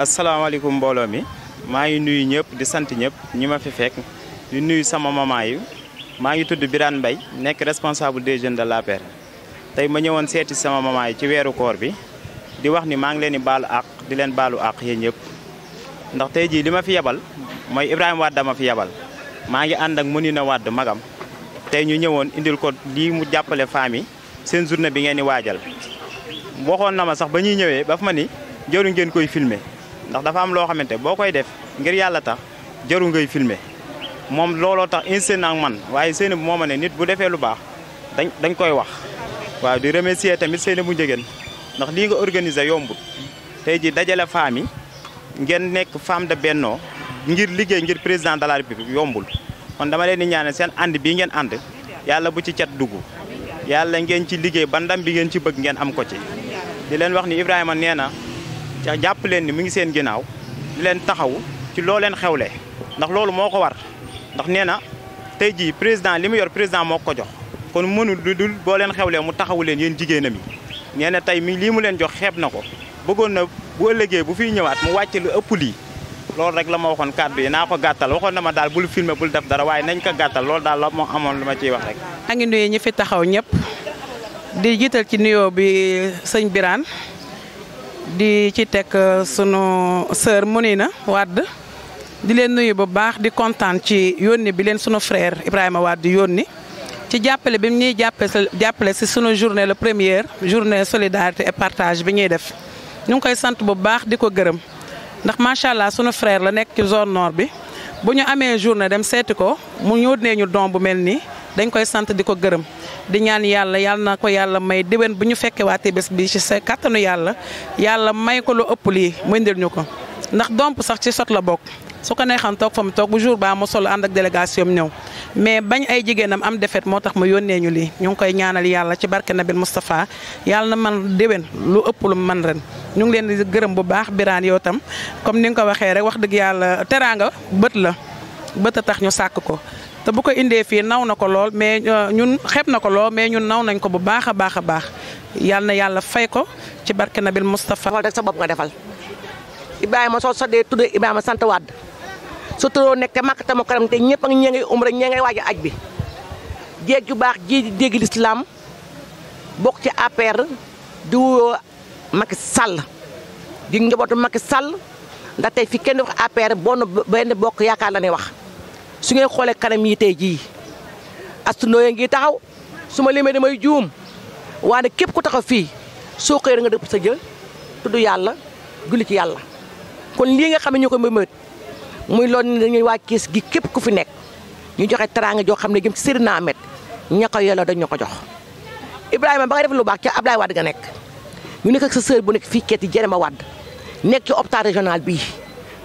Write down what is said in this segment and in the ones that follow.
asalaamaaleykum mbooloo mi maa ngi nuyu ñëpp di sant ñëpp ñi ma fi fekk di nuyu sama maman maa ngi tudd Birane Mbaye nekk responsable des jeunes de l'APR tey ma ñëwoon seeti sama maman yi ci weeru koor bi di wax ni maa ngi leen di baalu àq di leen baalu àq yéen ñëpp ndax tey jii li ma fi yebal mooy Ibrahima Wade dama fi yebal maa ngi ànd ak Mounina Wade magam tey ñu ñëwoon indil ko lii mu jàppale famille seen journée bi ngeen di waajal waxoon na ma sax ba ñuy ñëwee ba fa ma ni jëru ngeen koy filme ndax dafa am loo xamante boo koy def ngir yàlla tax jëru ngay filmer moom looloo tax insisté man waaye Seynabou moo ma ne nit bu defee lu baax dañ dañ koy wax waaw di remercier tamit Seynabou Ndiéguène ndax lii nga organiser yombul tey ji dajale femme yi ngeen nekk femme de bennoo ngir liggéey ngir président de la république yombul kon dama leen di ñaanal seen ànd bii ngeen ànd yàlla bu ci cat dugg yàlla ngeen ci liggéey bandam bi ngeen ci bëgg ngeen am ko ci di leen wax ni Ibrahima nee na jàpp leen ni mu ngi seen ginnaaw di leen taxaw ci loo leen xewle ndax loolu moo ko war ndax nee na tey jii président li mu yor président moo ko jox kon mënul lu dul boo leen xewlee mu taxawu leen yéen jigéenam yi nee na tey mi lii mu leen jox xeeb na ko bëggoon na bu ëllëgee bu fiy ñëwaat mu wàcce lu ëpp lii loolu rek la ma waxoon kàddu yi naa ko gàttal waxoon na ma daal bul filmer bul def dara waaye nañ ko gàttal loolu daal la moo amoon lu ma ciy wax rek. maa ngi nuyu ñi fi taxaw ñëpp di jiital ci nuyoo bi sëñ biraan di ci teg sunu sœur Mounina na di leen nuyu bu baax di kontaan ci yónni bi leen sunu frère Ibrahima Wade di yónni ci jàppale bi ñuy jàppale jàppale si sunu journée la première journée solidarité et partage bi ñuy def ñu ngi koy sant bu baax di ko gërëm ndax macha allah sunu frère la nekk ci zone bi bu ñu amee journée dem seeti ko mu ñëw nee ñu don bu mel nii dañ koy sant di ko gërëm di ñaan yàlla yàlla na ko yàlla may déwén bu ñu fekkee waatee bés bi ci sa kattanu yàlla yàlla may ko lu ëpp lii mu indil ko ndax domp sax ci sot la bokk. su ko neexoon toog fa mu toog bu jour ba mu solo ànd ak délégation new mais bañ ay jigéenam am defet moo tax ma yónnee ñu lii ñu ngi koy ñaanal yàlla ci barke Nabil Moustapha yàlla na man déwén lu ëpp lu man ren ñu ngi leen di gërëm bu baax biraan yow tam comme ni nga ko waxee rek wax dëgg yàlla teraanga bët la bët a tax ñu sàkk ko te bu ko indee fii naw na ko lool mais euh, ñun xeeb na ko lool mais ñun naw nañ ko bu baax a baax a baax yàlla na yàlla fay ko ci barke Nabil Moustapha. defal rek sa bopp nga defal Ibrahima soo sodee tudd Ibrahima sant Wade sotaroo nekk Makkatal Mukarram te ñëpp ak ñee ngay umra ñee ngay waaj aj bi jeeg ju baax ji di dégg lislaam bokk ci APR di wuyoo Macky Sall di njabootu Macky Sall ndax tey fi kenn du wax APR bon benn bokk yaakaar la ne wax su ngeen xoolee kanam yi tey jii astundoo ya ngi taxaw su ma lemee damay juum waane képp ku taxaw fii soo xëyee nga dëpp sa jë tudd yàlla julli ci yàlla kon lii nga xam ne ñoo ko mën muy loolu ni dañuy waa Cees gi képp ku fi nekk ñu joxe traanga joo xam ne jëm ci Seydina Ahmed ña ko yelloo dañ ñu ko jox Ibrahima ba nga def lu baax ca Ablaye Wade ga nekk ñu nekk ak sa sœur bu nekk fii keti yi ma Wade nekk ci hôpital régional bii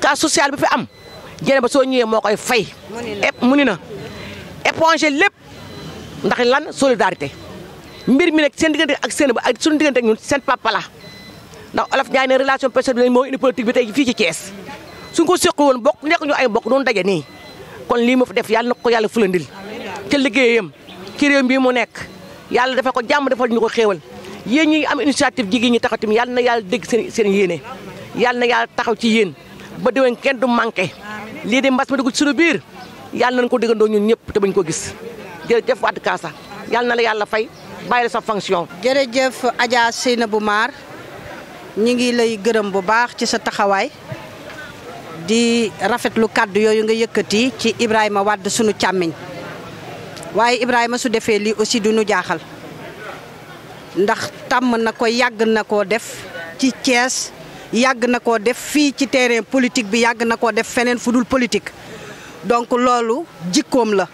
cas social bi fi am Dieynaba soo ñëwee moo koy fay mu ni na éponger lépp ndax lan solidarité mbir mi nekk seen diggante ak seen ba ak suñu diggante ak ñun seen papa la ndax Olof Ndiaye ne relation personnelle bi moo indi suñ ko seqal woon bokk nekk ay bokk doon daje nii kon lii mu fi def yàlla na ko yàlla fulandil ca liggéeyam ci réew bii mu nekk yàlla dafa ko jàmm defal ñu ko xeewal yéen ñi am initiative jigéen ñi taxaw tamit na yàlla dégg seen seen yéene yàlla na yàlla taxaw ci yéen ba déwén kenn du manqué lii de mbas ma dugg ci suñu biir yàlla nañ ko déggandoo ñun ñëpp te bañ ko gis jërëjëf Wade Kasa yàlla na la yàlla fay bàyyi la sa fonction. jërëjëf Adja Seynabou Mar ñu ngi lay gërëm bu baax ci sa taxawaay. di rafetlu kàddu yooyu nga yëkkati ci Ibrahima wàdd sunu càmmiñ waaye Ibrahima su defee lii aussi du nu jaaxal ndax tàmm na ko yàgg na koo def ci Thiès yàgg na koo def fii ci terrain politique bi yàgg na koo def feneen fu dul politique donc loolu jikkoom la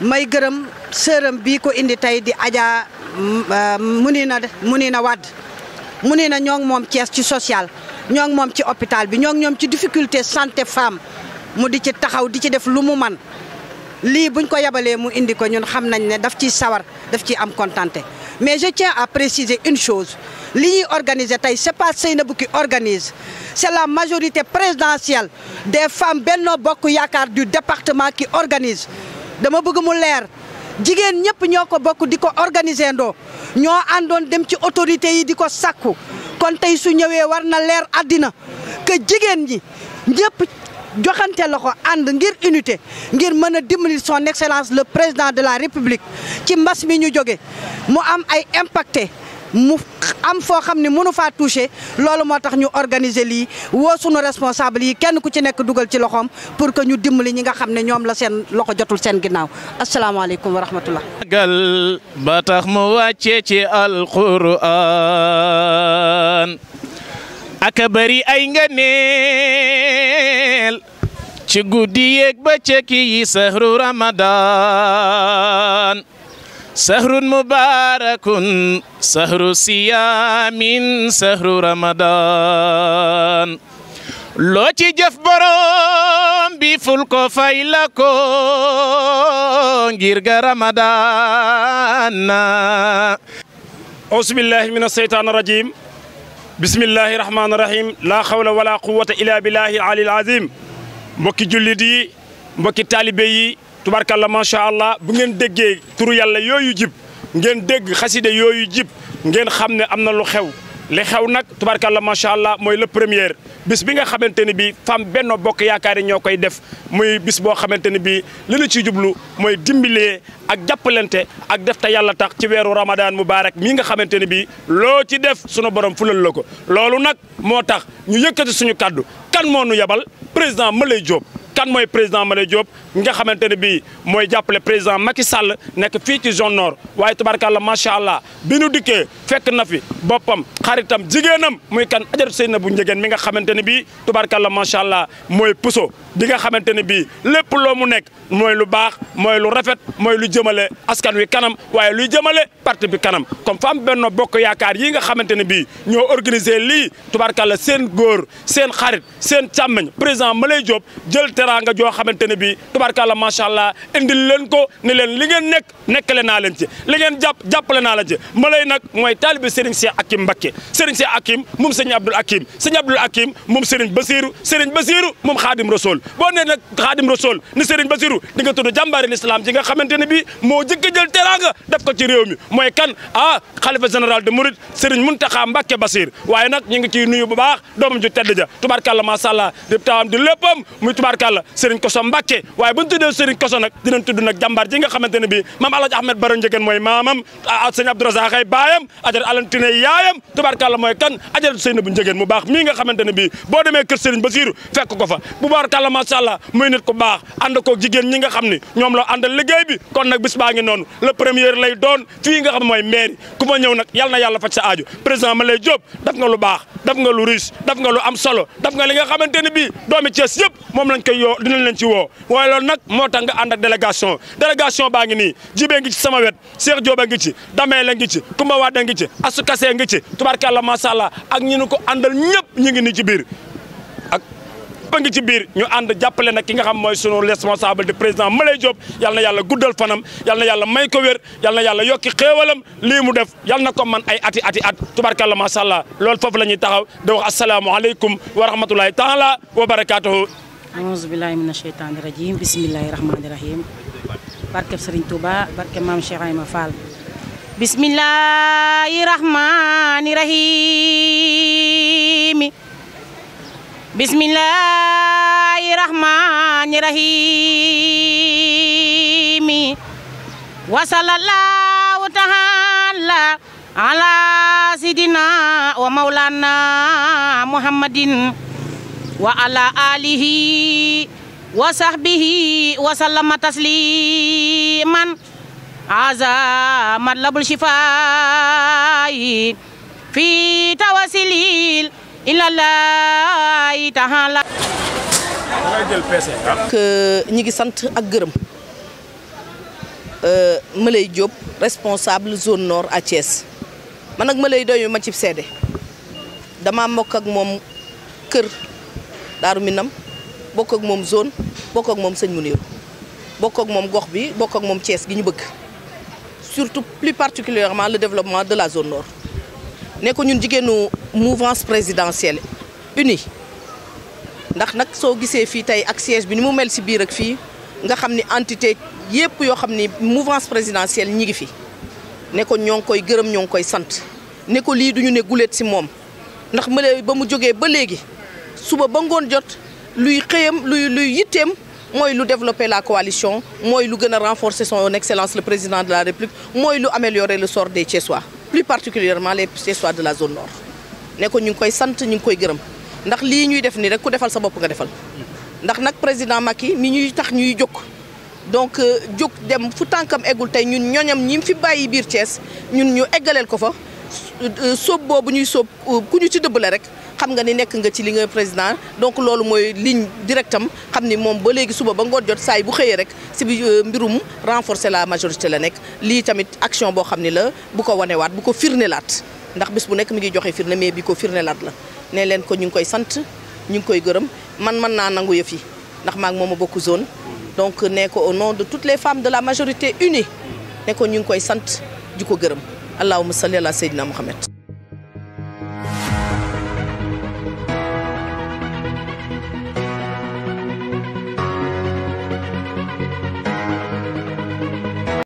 may gërëm sëram bi ko indi tey di Adja euh, Munina Munina Wade Munina ñoo ngi moom Thiès ci social ñoo moom ci hôpital bi ñoo ngi ñoom ci difficulté santé femme mu di ci taxaw di ci def lu mu man lii buñ ko yabalee mu indi ko ñun xam nañ ne daf ciy sawar daf ciy am kontante mais je tiens à préciser une chose li ñuy organiser tey c'est pas Seynabou qui organise c'est la majorité présidentielle des femmes Benno Bokk Yaakaar du département qui organise dama bëgg mu leer jigéen ñëpp ñoo ko bokk di ko organiser ndoo ñoo àndoon dem ci autorités yi di ko sàkku kon tey su ñëwee war na leer addina que jigéen ñi ñëpp joxante loxo ànd ngir unité ngir mën a dimbali son excellence le président de la république ci mbas mi ñu jóge mu am ay impacté mu am foo xam ne mënu faa touché loolu moo tax ñu organiser lii woo sunu responsable yi kenn ku ci nekk dugal ci loxoom pour que ñu dimbali ñi nga xam ne ñoom la seen loxo jotul seen ginnaaw asalaamaaleykum wa rahmatullah gal ba tax mu wàccee ci alquran ak bari ay nganeel ci guddi yeeg bëccëg yi sahru ramadan sahrun mubarakun sahru siyamin sahru ramadan loo ci jëf borom bi ful ko fay la ko ngir ga ramadan na ausbillahi min asheytan irajim bismillahi rahmani rahim laa hawla wala quwata illa billahi alil azim mbokki jullit yi mbokki taalibe yi tubarkalla macha allah bu ngeen déggee turu yàlla yooyu jib ngeen dégg xaside yooyu jib ngeen xam ne am na lu xew li xew nag tubarkalla macha allah mooy le premier bis bi nga xamante ni bii femme Benno Bokk Yaakaar yi ñoo koy def muy bis boo xamante ni bii li ciy jublu mooy dimbalee ak jàppalante ak def te yàlla tax ci weeru ramadan mubarak mii nga xamante ni bii loo ci def sunu borom fulal la ko loolu nag moo tax ñu yëkkati suñu kàddu kan nu yabal président Moulay Diop kan mooy président Mané Diop nga xamante ne bii mooy jàppale président Macky Sall nekk fii ci zone nord waaye tubaarkàlla macha allah binu nu dikkee fekk na fi boppam xaritam jigéenam muy kan Adjaratou Seynabou Ndiéguène mi nga xamante ne bii tubaarkàlla macha allah mooy puso bi nga xamante ne bii lépp loo mu nekk mooy lu baax mooy lu rafet mooy lu jëmale askan wi kanam waaye luy jëmale parti bi kanam comme femme Benno Bokk Yaakaar yi nga xamante ne bii ñoo organiser li tubaarkàlla seen góor seen xarit seen càmmiñ président Mané Diop teraanga joo xamante ne bii tubaarkàlla macha allah indil leen ko ni leen li ngeen nekk nekkale naa leen ci li ngeen jàpp jàppale naa leen ci mbalay nag mooy taalibe Serigne Cheikh Akim Mbakke Serigne Cheikh Akim moom Serigne Abdoul Akim Serigne Abdoul Akim moom Serigne Basiru Serigne Basiru moom Xaadim Rasool boo nee nag Xaadim Rasool ni Serigne Basiru di nga tudd jàmbaari lislaam ji nga xamante ne bii moo jëkk a jël def ko ci réew mi mooy kan ah xalifa général de Mouride Serigne Mountakha Mbakke Basir waaye nag ñu ngi yàlla Serigne Koso Mbacke waaye bu ñu tuddee Serigne Koso nag dinañ tudd nag jàmbaar ji nga xamante ne bii maam El Hadj Ahmed Baro mooy maamam sëñ Abdou Razak ay baayam ajar alantine yaayam tubaarkàlla mooy kan ajar Seyna bu Ndiéguène mu baax mii nga xamante ne bii boo demee kër Serigne nga xam ne ñoom la àndal liggéey kon nag bis baa ngi noonu le premier lay doon fii nga xam mooy maire ku ma ñëw nag yal na yàlla faj sa aajo président ma lay Diop daf nga lu baax daf nga lu riche yoo dina leen ci woo waaye loolu nag moo tax nga ànd ak délégation baa ngi nii jibee ngi ci sama wet Cheikh Diop a ngi ci damee la ngi ci Kumba Wade ngi ci Asu Kase ngi ci tubarkàlla macha allah ak ñu nu ko àndal ñëpp ñu ngi ci biir ak ba ngi ci biir ñu ànd jàppale nag ki nga xam mooy sunu responsable de président Malay Diop yal na yàlla guddal fanam yal na yàlla may ko wér yal na yàlla yokki xéewalam lii mu def yal na ko man ay ati ati at tubarkàlla macha allah loolu foofu la ñuy taxaw di wax asalaamualeykum wa rahmatulahi taala wa barakaatuhu auzu billaahi mina sheytaani rajiim bismillaahi rahmaani rahiim barkeb Sëriñ Tuuba barkeb maam Cheikh Ayma Fall bismillaahi rahmaani rahiim bismillaahi rahmaani rahiim wa sallallaahu taala ala sidina wa mawlana muhammadin wa ala alihi wa sahbihi wa sallama tasliman aza matlabul shifaa'i fi tawassilil ilallahi ta'ala ñi ngi sant ak gërëm euh, Maleye Diop responsable zone nord à Thiès man nag ma ci seede dama mbokk ak moom kër daaru minam bokk ak moom zone bokk moom sëñ mu bokk ak moom gox bi bokk ak moom Thiès gi ñu bëgg surtout plus particulièrement le développement de la zone nord ne ko ñun jigéenu mouvance présidentielle unie ndax nag soo gisee fii tey ak siège bi ni mu mel si biir ak fii nga xam ni entité yëpp yoo xam ni mouvance présidentielle ñi ngi fi ne ko ñoo ngi koy gërëm ñoo ngi koy sant ne ko lii ñu ne guléet si moom ndax mële ba mu jógee ba léegi suba ba ngoon jot luy xëyam luy luy yitteem mooy lu développer la coalition mooy lu gën a renforcer son excellence le président de la république mooy lu améliorer le sort des Thiessois plus particulièrement les Thiessois de la zone nord ne ko ñu ngi koy sant ñu ngi koy gërëm ndax lii ñuy def nii rek ku defal sa bopp nga defal ndax nag président Macky ni ñuy tax ñuy jóg donc euh, jóg dem fu tànkam eggul tey ñun ñoñam ñi fi bàyyi biir Thiès ñun ñu eggaleel ko fa euh, sóob boobu ñuy sóob euh, ku ñu ci dëbbale rek xam nga ni nekk nga ci li nga président donc loolu mooy ligne directam xam ni moom ba léegi suba ba ngoon jot saay bu xëyee rek si bi euh, mbirum renforcer la majorité la nekk lii tamit action boo xam ni la bu ko waat bu ko laat ndax bis bu nekk mi ngi joxe firne mais bi ko firnelaat la ne leen ko ñu ngi koy sant ñu ngi koy gërëm man mën naa nangu yëf yi ndax maa moom a bokk zone donc nee ko au nom de toutes les femmes de la majorité uni ne ko ñu ngi koy sant di ko gërëm allahumma salli ala sayyidina muhammad